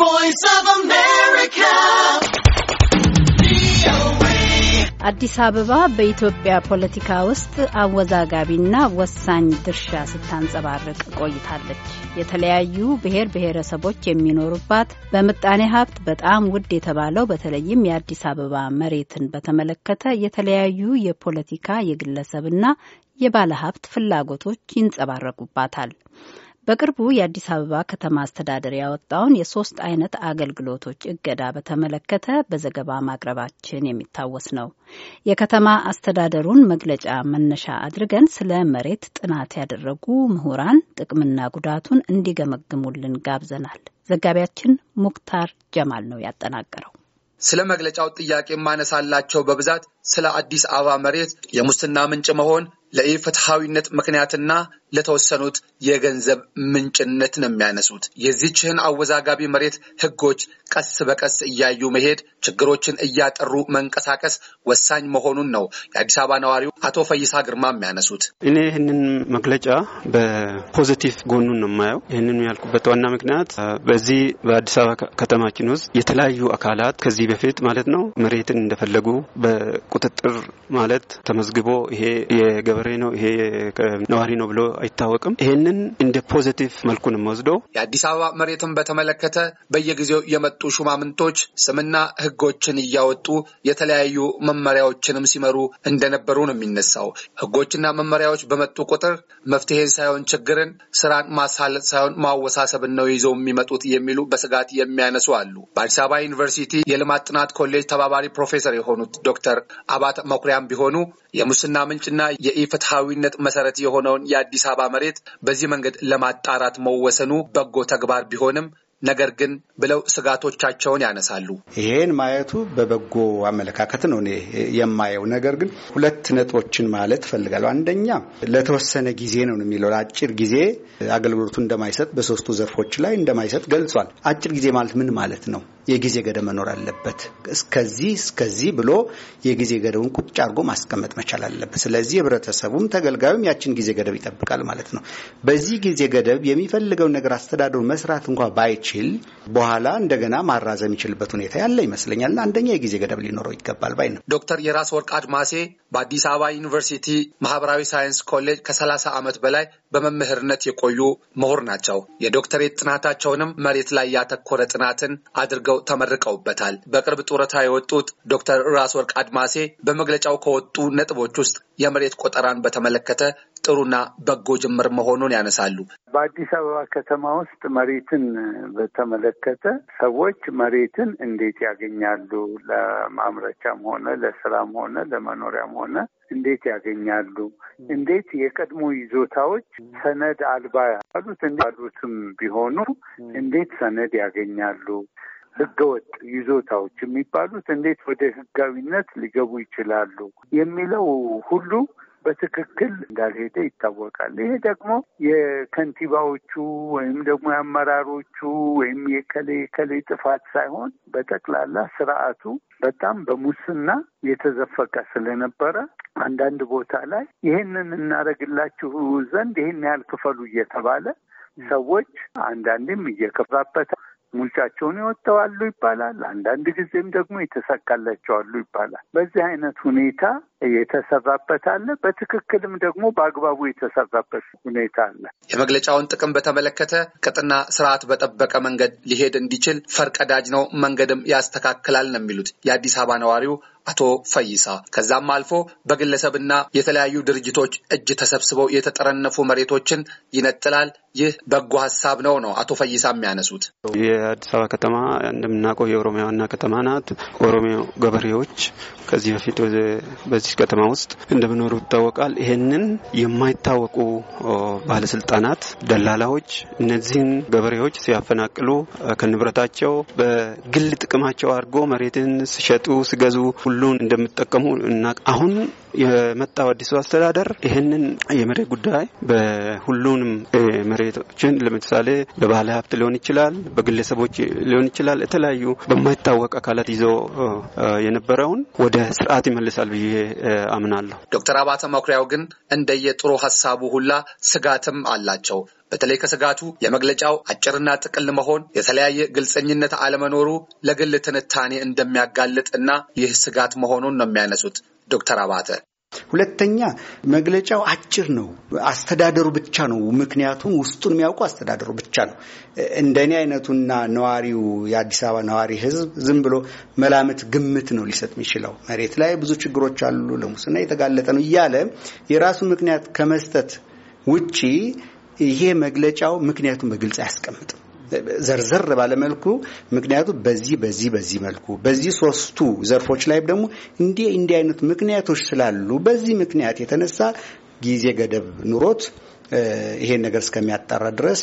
voice of America. አዲስ አበባ በኢትዮጵያ ፖለቲካ ውስጥ አወዛጋቢና ወሳኝ ድርሻ ስታንጸባርቅ ቆይታለች። የተለያዩ ብሔር ብሔረሰቦች የሚኖሩባት በምጣኔ ሀብት በጣም ውድ የተባለው በተለይም የአዲስ አበባ መሬትን በተመለከተ የተለያዩ የፖለቲካ የግለሰብና የባለሀብት ፍላጎቶች ይንጸባረቁባታል። በቅርቡ የአዲስ አበባ ከተማ አስተዳደር ያወጣውን የሶስት አይነት አገልግሎቶች እገዳ በተመለከተ በዘገባ ማቅረባችን የሚታወስ ነው። የከተማ አስተዳደሩን መግለጫ መነሻ አድርገን ስለ መሬት ጥናት ያደረጉ ምሁራን ጥቅምና ጉዳቱን እንዲገመግሙልን ጋብዘናል። ዘጋቢያችን ሙክታር ጀማል ነው ያጠናቀረው። ስለ መግለጫው ጥያቄ ማነሳላቸው በብዛት ስለ አዲስ አበባ መሬት የሙስና ምንጭ መሆን ለኢፍትሐዊነት ምክንያትና ለተወሰኑት የገንዘብ ምንጭነት ነው የሚያነሱት። የዚችህን አወዛጋቢ መሬት ህጎች ቀስ በቀስ እያዩ መሄድ፣ ችግሮችን እያጠሩ መንቀሳቀስ ወሳኝ መሆኑን ነው የአዲስ አበባ ነዋሪው አቶ ፈይሳ ግርማ የሚያነሱት። እኔ ይህንን መግለጫ በፖዚቲቭ ጎኑን ነው የማየው። ይህንን ያልኩበት ዋና ምክንያት በዚህ በአዲስ አበባ ከተማችን ውስጥ የተለያዩ አካላት ከዚህ በፊት ማለት ነው መሬትን እንደፈለጉ ቁጥጥር ማለት ተመዝግቦ ይሄ የገበሬ ነው ይሄ ነዋሪ ነው ብሎ አይታወቅም። ይሄንን እንደ ፖዘቲቭ መልኩን ወስደው የአዲስ አበባ መሬትን በተመለከተ በየጊዜው የመጡ ሹማምንቶች ስምና ህጎችን እያወጡ የተለያዩ መመሪያዎችንም ሲመሩ እንደነበሩ ነው የሚነሳው። ህጎችና መመሪያዎች በመጡ ቁጥር መፍትሄን ሳይሆን ችግርን፣ ስራን ማሳለጥ ሳይሆን ማወሳሰብን ነው ይዘው የሚመጡት የሚሉ በስጋት የሚያነሱ አሉ። በአዲስ አበባ ዩኒቨርሲቲ የልማት ጥናት ኮሌጅ ተባባሪ ፕሮፌሰር የሆኑት ዶክተር አባት መኩሪያም ቢሆኑ የሙስና ምንጭና የኢፍትሐዊነት መሰረት የሆነውን የአዲስ አበባ መሬት በዚህ መንገድ ለማጣራት መወሰኑ በጎ ተግባር ቢሆንም ነገር ግን ብለው ስጋቶቻቸውን ያነሳሉ። ይሄን ማየቱ በበጎ አመለካከት ነው እኔ የማየው። ነገር ግን ሁለት ነጥቦችን ማለት ፈልጋለሁ። አንደኛ ለተወሰነ ጊዜ ነው የሚለው ለአጭር ጊዜ አገልግሎቱ እንደማይሰጥ በሶስቱ ዘርፎች ላይ እንደማይሰጥ ገልጿል። አጭር ጊዜ ማለት ምን ማለት ነው? የጊዜ ገደብ መኖር አለበት። እስከዚህ እስከዚህ ብሎ የጊዜ ገደቡን ቁጭ አድርጎ ማስቀመጥ መቻል አለበት። ስለዚህ ህብረተሰቡም ተገልጋዩም ያችን ጊዜ ገደብ ይጠብቃል ማለት ነው። በዚህ ጊዜ ገደብ የሚፈልገውን ነገር አስተዳደሩ መስራት እንኳ ባይች ስለሚችል በኋላ እንደገና ማራዘም የሚችልበት ሁኔታ ያለ ይመስለኛልና አንደኛ የጊዜ ገደብ ሊኖረው ይገባል ባይ ነው። ዶክተር የራስ ወርቅ አድማሴ በአዲስ አበባ ዩኒቨርሲቲ ማህበራዊ ሳይንስ ኮሌጅ ከ30 ዓመት በላይ በመምህርነት የቆዩ ምሁር ናቸው። የዶክተሬት ጥናታቸውንም መሬት ላይ ያተኮረ ጥናትን አድርገው ተመርቀውበታል። በቅርብ ጡረታ የወጡት ዶክተር ራስ ወርቅ አድማሴ በመግለጫው ከወጡ ነጥቦች ውስጥ የመሬት ቆጠራን በተመለከተ ጥሩና በጎ ጅምር መሆኑን ያነሳሉ። በአዲስ አበባ ከተማ ውስጥ መሬትን በተመለከተ ሰዎች መሬትን እንዴት ያገኛሉ? ለማምረቻም ሆነ ለስራም ሆነ ለመኖሪያም ሆነ እንዴት ያገኛሉ? እንዴት የቀድሞ ይዞታዎች ሰነድ አልባ ያሉት ያሉትም ቢሆኑ እንዴት ሰነድ ያገኛሉ? ህገወጥ ይዞታዎች የሚባሉት እንዴት ወደ ህጋዊነት ሊገቡ ይችላሉ? የሚለው ሁሉ በትክክል እንዳልሄደ ይታወቃል። ይሄ ደግሞ የከንቲባዎቹ ወይም ደግሞ የአመራሮቹ ወይም የከሌ የከሌ ጥፋት ሳይሆን በጠቅላላ ስርዓቱ በጣም በሙስና የተዘፈቀ ስለነበረ አንዳንድ ቦታ ላይ ይህንን እናደርግላችሁ ዘንድ ይህን ያህል ክፈሉ እየተባለ ሰዎች አንዳንዴም እየከፋበት ሙልቻቸውን ይወጥተዋሉ ይባላል። አንዳንድ ጊዜም ደግሞ የተሳካላቸዋሉ ይባላል። በዚህ አይነት ሁኔታ የተሰራበት አለ። በትክክልም ደግሞ በአግባቡ የተሰራበት ሁኔታ አለ። የመግለጫውን ጥቅም በተመለከተ ቅጥና ስርዓት በጠበቀ መንገድ ሊሄድ እንዲችል ፈርቀዳጅ ነው፣ መንገድም ያስተካክላል ነው የሚሉት የአዲስ አበባ ነዋሪው አቶ ፈይሳ ከዛም አልፎ በግለሰብና የተለያዩ ድርጅቶች እጅ ተሰብስበው የተጠረነፉ መሬቶችን ይነጥላል። ይህ በጎ ሀሳብ ነው ነው አቶ ፈይሳ የሚያነሱት። የአዲስ አበባ ከተማ እንደምናውቀው የኦሮሚያ ዋና ከተማ ናት። ኦሮሚያ ገበሬዎች ከዚህ በፊት በዚህ ከተማ ውስጥ እንደምኖሩ ይታወቃል። ይህንን የማይታወቁ ባለስልጣናት፣ ደላላዎች እነዚህን ገበሬዎች ሲያፈናቅሉ ከንብረታቸው በግል ጥቅማቸው አድርጎ መሬትን ሲሸጡ ሲገዙ ሁሉን እንደሚጠቀሙ እና አሁን የመጣው አዲሱ አስተዳደር ይህንን የመሬት ጉዳይ በሁሉንም መሬቶችን ለምሳሌ በባለ ሀብት ሊሆን ይችላል፣ በግለሰቦች ሊሆን ይችላል፣ የተለያዩ በማይታወቅ አካላት ይዞ የነበረውን ወደ ስርዓት ይመልሳል ብዬ አምናለሁ። ዶክተር አባተ መኩሪያው ግን እንደየጥሩ ሀሳቡ ሁላ ስጋትም አላቸው። በተለይ ከስጋቱ የመግለጫው አጭርና ጥቅል መሆን የተለያየ ግልጸኝነት አለመኖሩ ለግል ትንታኔ እንደሚያጋልጥ እና ይህ ስጋት መሆኑን ነው የሚያነሱት ዶክተር አባተ ሁለተኛ መግለጫው አጭር ነው። አስተዳደሩ ብቻ ነው ምክንያቱም ውስጡን የሚያውቁ አስተዳደሩ ብቻ ነው። እንደኔ አይነቱና ነዋሪው የአዲስ አበባ ነዋሪ ህዝብ ዝም ብሎ መላምት፣ ግምት ነው ሊሰጥ የሚችለው። መሬት ላይ ብዙ ችግሮች አሉ፣ ለሙስና የተጋለጠ ነው እያለ የራሱ ምክንያት ከመስጠት ውጪ ይሄ መግለጫው ምክንያቱን በግልጽ አያስቀምጥም። ዘርዘር ባለመልኩ ምክንያቱ በዚህ በዚህ በዚህ መልኩ በዚህ ሶስቱ ዘርፎች ላይ ደግሞ እንዲህ እንዲህ አይነት ምክንያቶች ስላሉ በዚህ ምክንያት የተነሳ ጊዜ ገደብ ኑሮት ይሄን ነገር እስከሚያጣራ ድረስ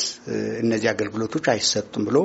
እነዚህ አገልግሎቶች አይሰጡም ብሎ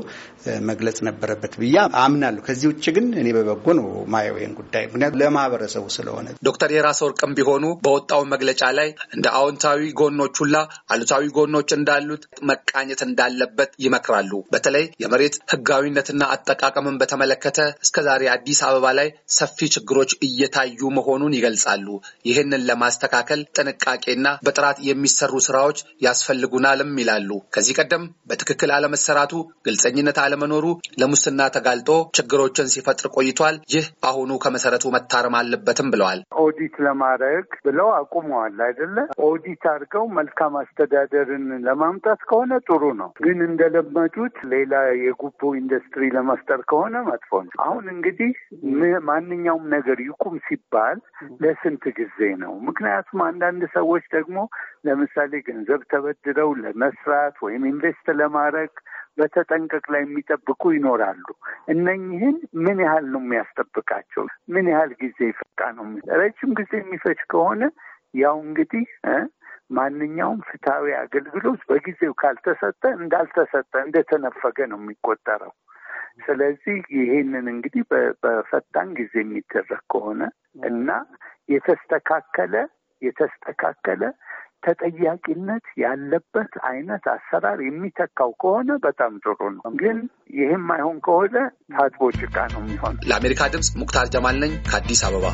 መግለጽ ነበረበት ብዬ አምናለሁ። ከዚህ ውጭ ግን እኔ በበጎ ነው ማየው ይህን ጉዳይ ምክንያቱ ለማህበረሰቡ ስለሆነ። ዶክተር የራስ ወርቅም ቢሆኑ በወጣው መግለጫ ላይ እንደ አዎንታዊ ጎኖች ሁላ አሉታዊ ጎኖች እንዳሉት መቃኘት እንዳለበት ይመክራሉ። በተለይ የመሬት ህጋዊነትና አጠቃቀምን በተመለከተ እስከዛሬ አዲስ አበባ ላይ ሰፊ ችግሮች እየታዩ መሆኑን ይገልጻሉ። ይህንን ለማስተካከል ጥንቃቄና በጥራት የሚሰሩ ስራዎች ስራዎች ያስፈልጉናልም ይላሉ። ከዚህ ቀደም በትክክል አለመሰራቱ፣ ግልጸኝነት አለመኖሩ ለሙስና ተጋልጦ ችግሮችን ሲፈጥር ቆይቷል። ይህ በአሁኑ ከመሰረቱ መታረም አለበትም ብለዋል። ኦዲት ለማድረግ ብለው አቁመዋል አይደለ? ኦዲት አድርገው መልካም አስተዳደርን ለማምጣት ከሆነ ጥሩ ነው። ግን እንደለመዱት ሌላ የጉቦ ኢንዱስትሪ ለመፍጠር ከሆነ መጥፎ ነው። አሁን እንግዲህ ማንኛውም ነገር ይቁም ሲባል ለስንት ጊዜ ነው? ምክንያቱም አንዳንድ ሰዎች ደግሞ ለምሳሌ ገንዘብ ተበድረው ለመስራት ወይም ኢንቨስት ለማድረግ በተጠንቀቅ ላይ የሚጠብቁ ይኖራሉ። እነኝህን ምን ያህል ነው የሚያስጠብቃቸው? ምን ያህል ጊዜ ይፈቃ ነው? ረጅም ጊዜ የሚፈጅ ከሆነ ያው እንግዲህ ማንኛውም ፍትሐዊ አገልግሎት በጊዜው ካልተሰጠ እንዳልተሰጠ እንደተነፈገ ነው የሚቆጠረው። ስለዚህ ይሄንን እንግዲህ በፈጣን ጊዜ የሚደረግ ከሆነ እና የተስተካከለ የተስተካከለ ተጠያቂነት ያለበት አይነት አሰራር የሚተካው ከሆነ በጣም ጥሩ ነው። ግን ይህም አይሆን ከሆነ ታጥቦ ጭቃ ነው የሚሆን። ለአሜሪካ ድምፅ ሙክታር ጀማል ነኝ ከአዲስ አበባ።